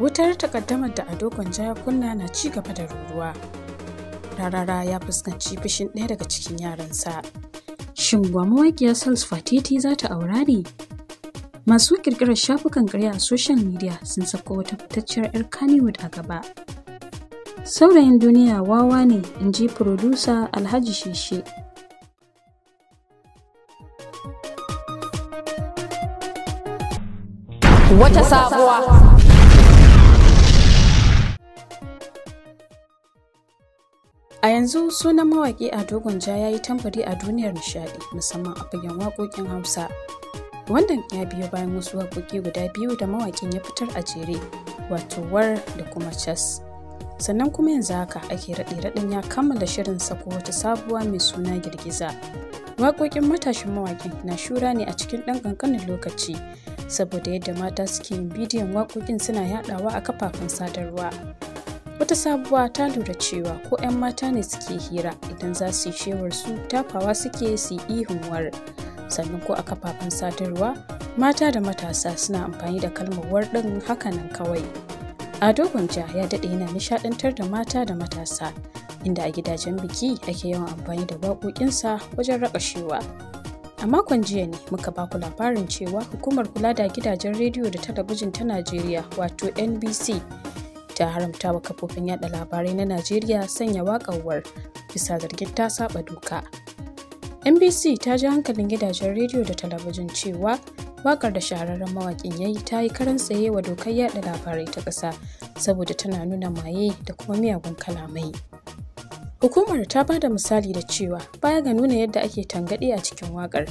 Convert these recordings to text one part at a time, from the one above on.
wutar takaddamar da ado gwanja ya kunna na ci gaba da ruruwa rarara ya fuskanci fishin ɗaya daga cikin yaransa shin gwa sals fatiti za ta aura ne masu ƙirƙirar shafukan ƙarya a social media sun sako wata fitacciyar 'yar kannywood a gaba saurayin duniya wawa ne in ji furodusa alhaji sheshe wata sabuwa A yanzu sunan mawaƙi a ja ya yi tambari a duniyar nishaɗi musamman a fagen waƙoƙin Hausa. Wannan ya biyo bayan wasu waƙoƙi guda biyu da mawaƙin ya fitar a jere, wato war da kuma chess. Sannan kuma yanzu haka ake raɗe raɗin ya kammala shirin sako wata sabuwa mai suna girgiza. Waƙoƙin matashin mawaƙin na shura ne a cikin ɗan ƙanƙanin lokaci, saboda yadda mata suke yin bidiyon waƙoƙin suna yaɗawa a kafafen sadarwa. wata sabuwa ta lura cewa ko 'yan mata ne suke hira idan za su yi shewar su tafawa suke su yi war sannan ko a kafafen sadarwa mata da matasa suna amfani da kalmar war ɗin hakanan kawai ado gwanja ya daɗe yana nishaɗantar da mata da matasa inda a gidajen biki ake yawan amfani da waƙoƙinsa wajen raƙashewa a makon jiya ne muka baku labarin cewa hukumar kula da gidajen rediyo da talabijin ta najeriya wato nbc ta haramta wa kafofin yada labarai na Najeriya sanya wakawar bisa zargin ta saba doka. NBC ta ji hankalin gidajen rediyo da talabijin cewa wakar da shahararren mawakin yayi yi ta yi karan tsaye wa dokar yada labarai ta ƙasa saboda tana nuna maye da kuma miyagun kalamai. Hukumar ta ba da misali da cewa baya ga nuna yadda ake tangaɗi a cikin wakar,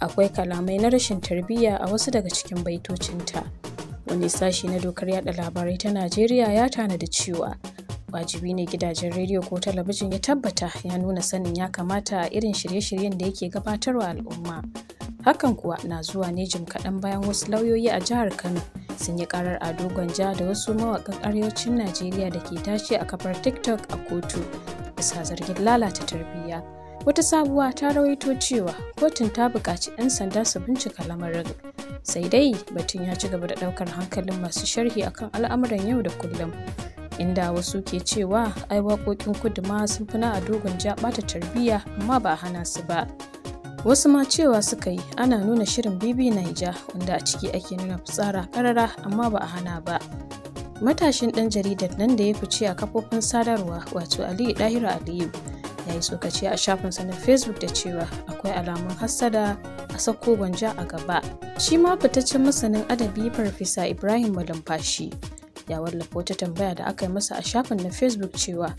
akwai kalamai na rashin tarbiyya a wasu daga cikin baitocinta. wani sashi na dokar yada labarai ta najeriya ya tanadi cewa wajibi ne gidajen rediyo ko talabijin ya tabbata ya nuna sanin ya kamata a irin shirye-shiryen da yake gabatarwa al'umma hakan kuwa na zuwa ne jim kaɗan bayan wasu lauyoyi a jihar kano sun yi karar ado gwanja da wasu mawakan arewacin najeriya da ke tashi a kafar tiktok a kotu bisa zargin lalata tarbiyya wata sabuwa ta rawaito cewa kotun ta buƙaci 'yan sanda su bincika lamarin sai dai batun ya ci gaba da ɗaukar hankalin masu sharhi akan al'amuran yau da kullum inda wasu ke cewa ai waƙoƙin kudu ma sun fi na a dogon ja ɓata tarbiyya amma ba a hana su ba wasu ma cewa suka yi ana nuna shirin bibi naija wanda a ciki ake nuna fitsara karara amma ba a hana ba matashin ɗan jaridar nan da ya fice a kafofin sadarwa wato aliyu Dahiru aliyu ya yi tsokaci a shafinsa na facebook da cewa akwai alamun hassada a sako gwanja a gaba shi ma fitaccen masanin adabi farfesa ibrahim malumfashi ya wallafa wata tambaya da aka yi masa a shafin na facebook cewa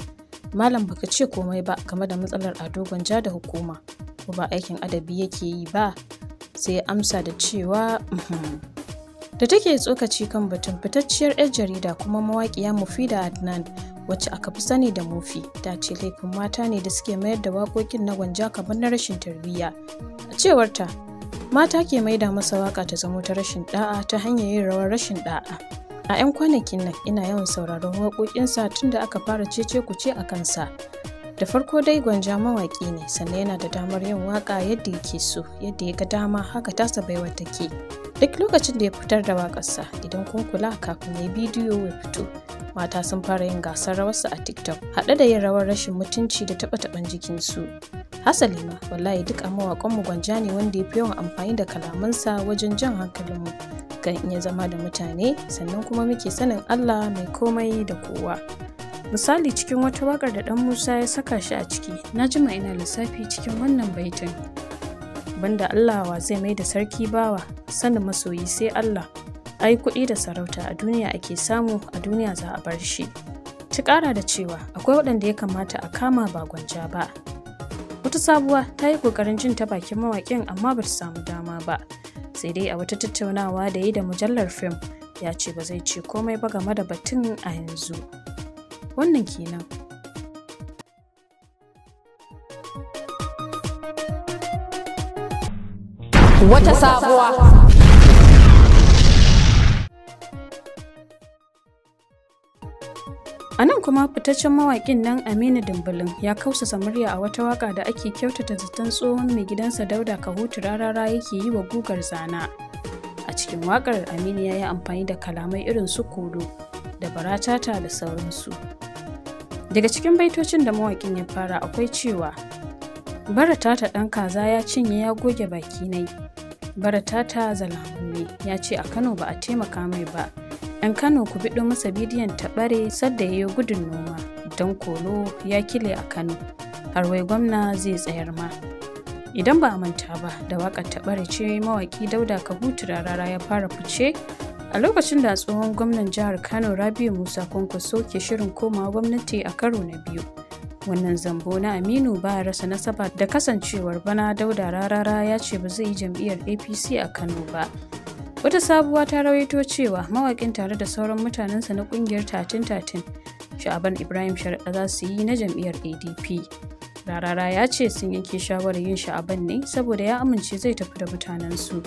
malam baka ce komai ba game da matsalar ado gwanja da hukuma ko ba aikin adabi yake yi ba sai ya amsa da cewa uhm. da take tsokaci kan batun fitacciyar 'yar jarida kuma mawaƙiya mufida adnan wacce aka fi sani da mofi ta ce laifin mata ne da suke mayar da waƙoƙin na gwanja kamar na rashin tarbiyya a cewarta mata ke maida masa waƙa ta zamo ta rashin da'a ta hanyar yin rawar rashin da'a a 'yan kwanakin nan ina yawan sauraron waƙoƙinsa tun da aka fara cece ku ce a kansa da farko dai gwanja mawaƙi ne sannan yana da damar yin waka yadda ya ke so yadda ya ga dama haka tasa baiwa take duk lokacin da ya fitar da waƙarsa idan kun kula kafin ya bidiyo ya fito mata sun fara yin gasar rawarsa a tiktok haɗe da yin rawar rashin mutunci da taɓa taɓan jikinsu hasali ma wallahi duk a mu gwanja ne wanda ya fi yawan amfani da kalamansa wajen jan hankalinmu kan iya zama da mutane sannan kuma muke sanin allah mai komai da kowa misali cikin wata wakar da dan musa ya saka shi a ciki na jima ina lissafi cikin wannan baitin banda allah wa zai mai da sarki bawa sanin masoyi sai allah ai kuɗi da sarauta a duniya ake samu a duniya za a bar shi ci ƙara da cewa akwai waɗanda ya kamata a kama ba gwanja ba wata sabuwa ta yi ƙoƙarin jin ta bakin mawaƙin amma ba ta samu dama ba sai dai a wata tattaunawa da yi da mujallar fim ya ce ba zai ce komai ba game da batun a yanzu. wannan kenan. Wata sabuwa. A nan kuma fitaccen mawaƙin nan Aminu Dumbulin ya kausa murya a wata waƙa da ake kyautata zaton tsohon mai gidansa Dauda Kahutu rarara yake yi wa gugar zana. A cikin waƙar Aminu ya yi amfani da kalamai irin su kodo, da baratata da sauransu daga cikin baitocin da mawaƙin ya fara akwai cewa baratata ɗan kaza ya cinye ya goge baki nai baratata ne ya ce a kano ba a taimaka mai ba 'yan kano ku biɗo masa bidiyon taɓare sadda ya yi gudun noma don kolo ya kile a kano har wai gwamna zai tsayar ma idan ba a manta ba da waƙar taɓare ce mawaƙi dauda kabu turarara ya fara fice a lokacin da tsohon gwamnan jihar kano rabiu musa kwankwaso ke shirin komawa gwamnati a karo na biyu wannan zambo na aminu ba rasa nasaba da kasancewar bana dauda rarara ya ce ba zai yi jam'iyyar apc a kano ba wata sabuwa ta rawaito cewa mawaƙin tare da sauran mutanensa na ƙungiyar tatin tatin sha'aban ibrahim sharaɗa za su yi na jam'iyyar adp Rarara ya ce sun yanke shawarar yin sha'aban ne saboda ya amince zai tafi da mutanensu.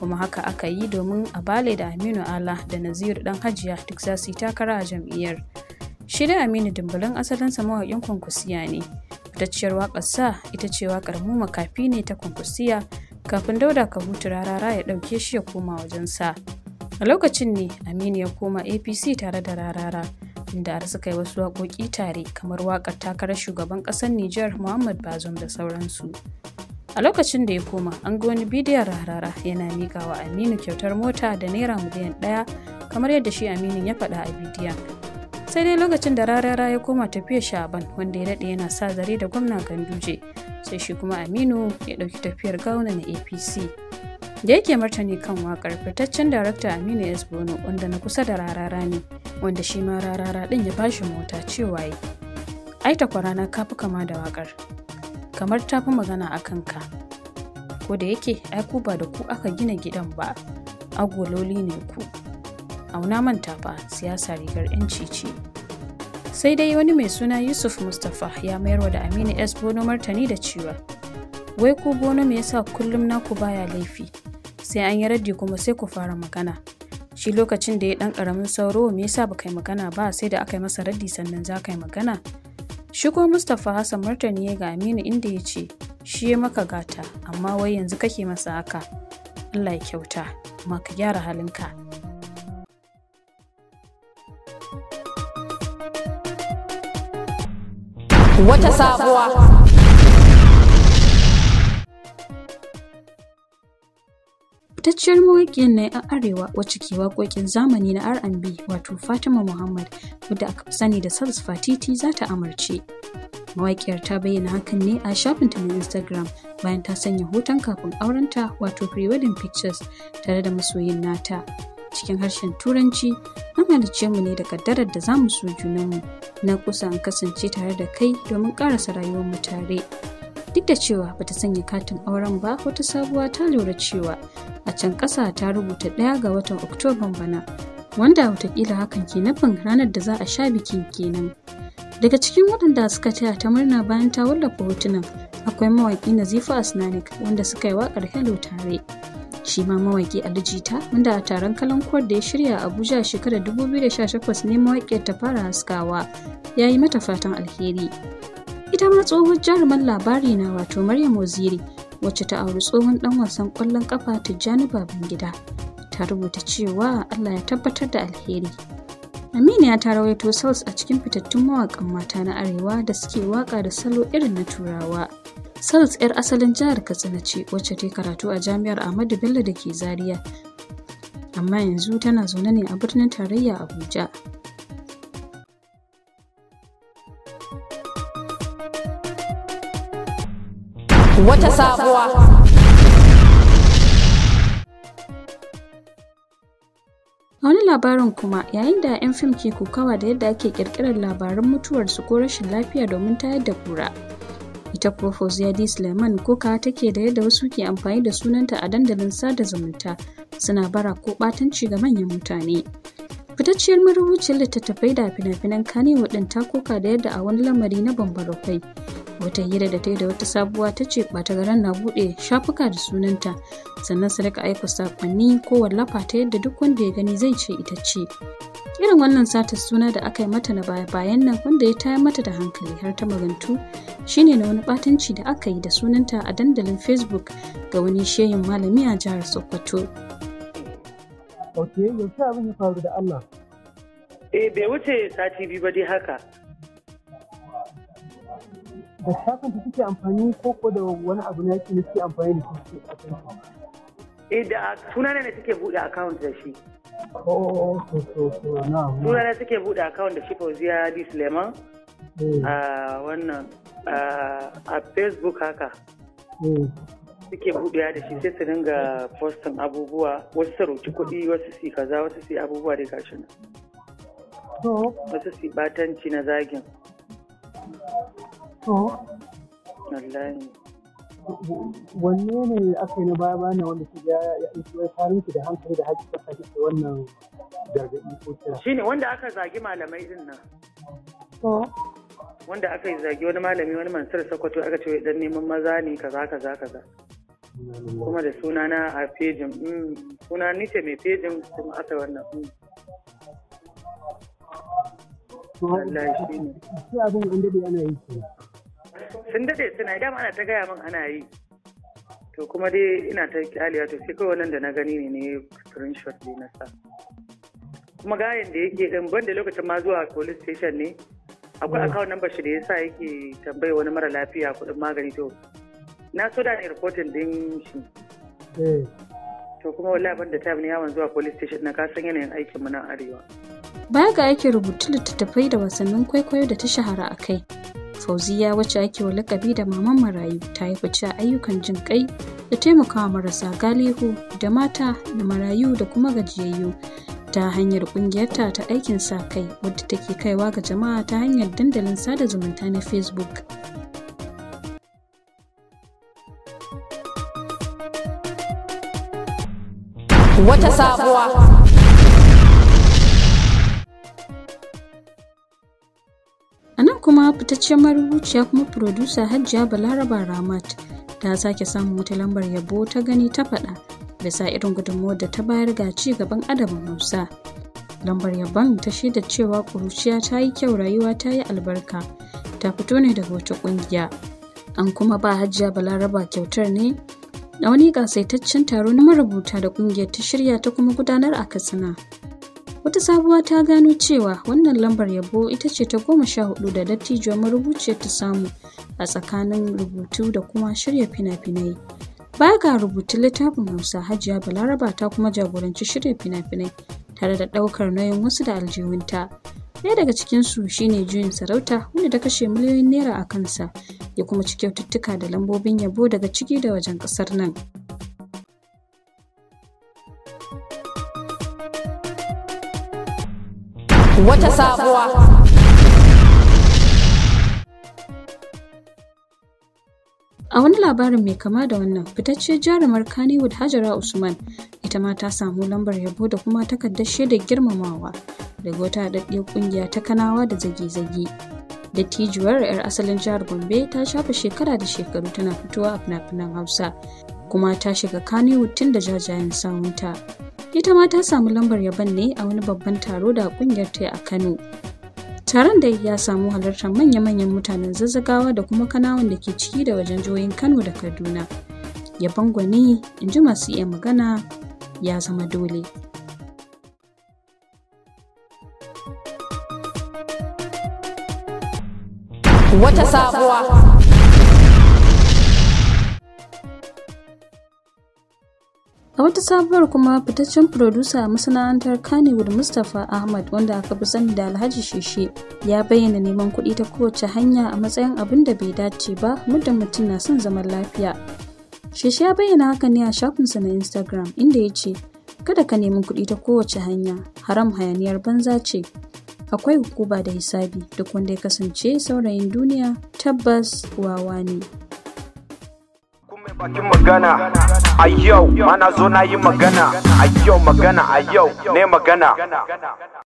Kuma haka aka yi domin a bale da Aminu Ala da Naziru dan Hajiya duk za su yi takara a jam'iyyar. Shi da Aminu Dumbulan asalinsa mawaƙin kwankwasiya ne. Fitacciyar waƙar sa ita ce waƙar mu makafi ne ta kwankwasiya kafin Dauda ka hutu Rarara ya ɗauke shi ya koma wajensa. A lokacin ne Aminu ya koma APC tare da Rarara. inda har suka yi wasu waƙoƙi tare kamar waƙar takarar shugaban ƙasar Nijar Muhammad Bazoum da sauransu. A lokacin da ya koma, an ga wani bidiyon rarara yana miƙa wa Aminu kyautar mota da Naira miliyan ɗaya kamar yadda shi Aminu ya faɗa a bidiyon. Sai dai lokacin da rarara ya koma tafiyar Shaban wanda ya daɗe yana sa zare da gwamna Ganduje, sai shi kuma Aminu ya ɗauki tafiyar gauna na APC. da yake martani kan wakar fitaccen darakta aminu s bono wanda na kusa da rarara ne wanda shi ma rarara din ya ba shi mota cewa yi ai ta ka fi kama da wakar kamar ta fi magana a kanka ko da yake ai ku ba da ku aka gina gidan ba agololi ne ku auna manta ba siyasa rigar yanci ce sai dai wani mai suna yusuf mustapha ya mayar wa da aminu s bono martani da cewa wai ku gona me yasa kullum naku baya laifi sai an yi raddi kuma sai ku fara magana shi lokacin da ya ɗan karamin sauro me yasa baka yi magana ba sai da aka yi masa raddi sannan za ka yi magana shi ko mustapha hassan martani ya ga aminu inda ya ce shi ya maka gata amma wai yanzu kake masa haka allah ya kyauta amma ka gyara halinka wata sabuwa fitacciyar mawaƙiyar ne a arewa wacce ke waƙoƙin zamani na R&B wato Fatima Muhammad wadda aka sani da sals Fatiti za ta amarce. Mawaƙiyar ta bayyana hakan ne a shafinta na Instagram bayan ta sanya hoton kafin aurenta wato pre-wedding pictures tare da masoyin nata. Cikin harshen Turanci, an halice mu ne da kaddarar da zamu mu so junanmu, na kusa an kasance tare da kai domin ƙarasa rayuwarmu tare. duk da cewa bata sanya katin auren ba wata sabuwa ta lura cewa a can ƙasa ta rubuta ɗaya ga watan oktoban bana wanda watakila hakan ke nufin ranar da za a sha bikin kenan daga cikin waɗanda suka taya ta murna bayan ta wallafa hotunan akwai mawaƙi zifa asnanik wanda suka yi waƙar hello tare shi ma mawaƙi alijita wanda a taron kalankuwar da ya shirya abuja shekarar 2018 ne mawaƙiyar ta fara haskawa ya yi mata fatan alheri ita ma tsohon jaruman labari na wato maryam waziri wacce ta auri tsohon dan wasan kwallon kafa tijjani gida ta rubuta cewa allah ya tabbatar da alheri aminiya ta rawaito sals a cikin fitattun mawakan mata na arewa da suke waka da salo irin na turawa sals yar asalin jihar katsina ce wacce ta karatu a jami'ar ahmadu bello da ke zaria amma yanzu tana zaune ne a birnin tarayya abuja wata sabuwa. A wani labarin kuma yayin da 'yan fim ke kokawa da yadda ake kirkirar labaran mutuwarsu ko rashin lafiya domin tayar da kura. Ita Profo Ziyadi Suleiman koka take da yadda wasu ke amfani da sunanta a dandalin sada zumunta suna bara ko batanci ga manyan mutane. fitacciyar marubucin littattafai da fina-finan kane waɗin ta koka da yadda a wani lamari na bambara kwai wata hira da ta yi da wata sabuwa ta ce ɓata garan na buɗe shafuka da sunanta sannan su rika aika sakonni ko wallafa ta yadda duk wanda ya gani zai ce ita ce irin wannan satar suna da aka yi mata na baya bayan nan wanda ya tayar mata da hankali har ta magantu shine na wani ɓatanci da aka yi da sunanta a dandalin facebook ga wani shehin malami a jihar sokoto ok yaushe abin ya faru da Allah eh bai wuce sati biyu ba dai haka da shafin da kike amfani ko ko da wani abu na yake kike amfani da shi eh da suna ne take bude account da shi oh, oh, oh so so na suna ne take bude account da shi Fauziya Di Suleiman eh. a ah, wannan ah, a Facebook haka eh. suke buɗewa da shi sai su dinga postin abubuwa wasu su roki kuɗi wasu su kaza wasu su abubuwa da gashi nan wasu su batanci na zagin wallahi wanne ne aka yi na baya bayan wanda su ya ya farin ki da hankali da haƙƙi ta kake wannan gargaɗi ko kira shine wanda aka zagi malamai din nan wanda aka yi zagi wani malami wani mansur sakwato aka ce dan neman maza ne kaza kaza kaza kuma da sunana a fejin mm, suna nice mai fejin kuma aka wannan sun daɗe suna dama ana ta gaya min ana yi to kuma dai ina ta kyaliya to sai kawai wannan da na gani ne ne screenshot ne na sa kuma gayan da yake ɗin banda lokacin ma zuwa police station ne akwai account number shi da yasa yake tambaye wani mara lafiya kuɗin magani to na so da ne rikotin din shi eh. to kuma wallahi ban da time ne yawan zuwa police station na kasan yanayin aikin mu nan arewa baya ga aikin rubutu littattafai da wasannin kwaikwayo da ta shahara a kai fauziya wacce ake wa lakabi da maman marayu ta yi fice ayyukan jin kai da taimakawa marasa galihu da mata da marayu da kuma gajiyayyu ta hanyar kungiyarta ta aikin sa kai wadda take kaiwa ga jama'a ta hanyar dandalin sada zumunta na facebook wata sabuwa. A nan kuma fitaccen marubuciya kuma furodusa Hajiya Balaraba Ramat ta sake samun wata lambar yabo ta gani ta faɗa bisa irin gudunmuwar da ta bayar ga ci gaban adabin Musa. Lambar yabon ta shaida cewa ƙuruciya ta yi kyau rayuwa ta yi albarka ta fito ne daga wata ƙungiya. An kuma ba Hajiya Balaraba kyautar ne a wani gasaitaccen taro na marubuta da kungiyar ta shirya ta kuma gudanar a katsina wata sabuwa ta gano cewa wannan lambar yabo ita ce ta goma sha hudu da dattijuwar marubuciyar ta samu a tsakanin rubutu da kuma shirya fina-finai baya ga rubutu littafin hausa hajiya balaraba ta kuma jagoranci shirya fina-finai tare da ɗaukar nauyin wasu da aljihunta ɗaya daga cikinsu shine juyin sarauta wanda ta kashe miliyoyin naira a kansa ya kuma ci kyaututtuka da lambobin yabo daga ciki da wajen ƙasar nan. Wata sabuwa. A wani labarin mai kama da wannan fitacciyar jarumar Kannywood Hajara Usman ita ma ta samu lambar yabo da kuma takardar shaidar girmamawa daga wata haɗaɗɗiyar ƙungiya ta kanawa da zage-zage. dattijuwar 'yar asalin jihar gombe ta shafe shekara da shekaru tana fitowa a fina-finan hausa kuma ta shiga kanewu tun da jajayen sawunta ita ma ta samu lambar yaban ne a wani babban taro da kungiyar ta a kano taron da ya samu halartar manya-manyan mutanen zazzagawa da kuma kanawan da ke ciki da wajen jihohin kano da kaduna yaban gwani in ji masu iya magana ya zama dole wata sabuwa. A wata sabuwar kuma fitaccen furodusa masana'antar Kannywood Mustapha Ahmad wanda aka fi sani da Alhaji Shishe ya bayyana neman kuɗi ta kowace hanya a matsayin abin da bai dace ba muddin mutum na son zaman lafiya. Shishi ya bayyana haka ne a shafinsa na Instagram inda ya ce, Kada ka nemi kuɗi ta kowace hanya, haram hayaniyar banza ce, akwai hukuma da hisabi duk wanda ya kasance saurayin duniya tabbas wawa ne bakin magana a yau mana zo na yi magana a yau magana a yau ne magana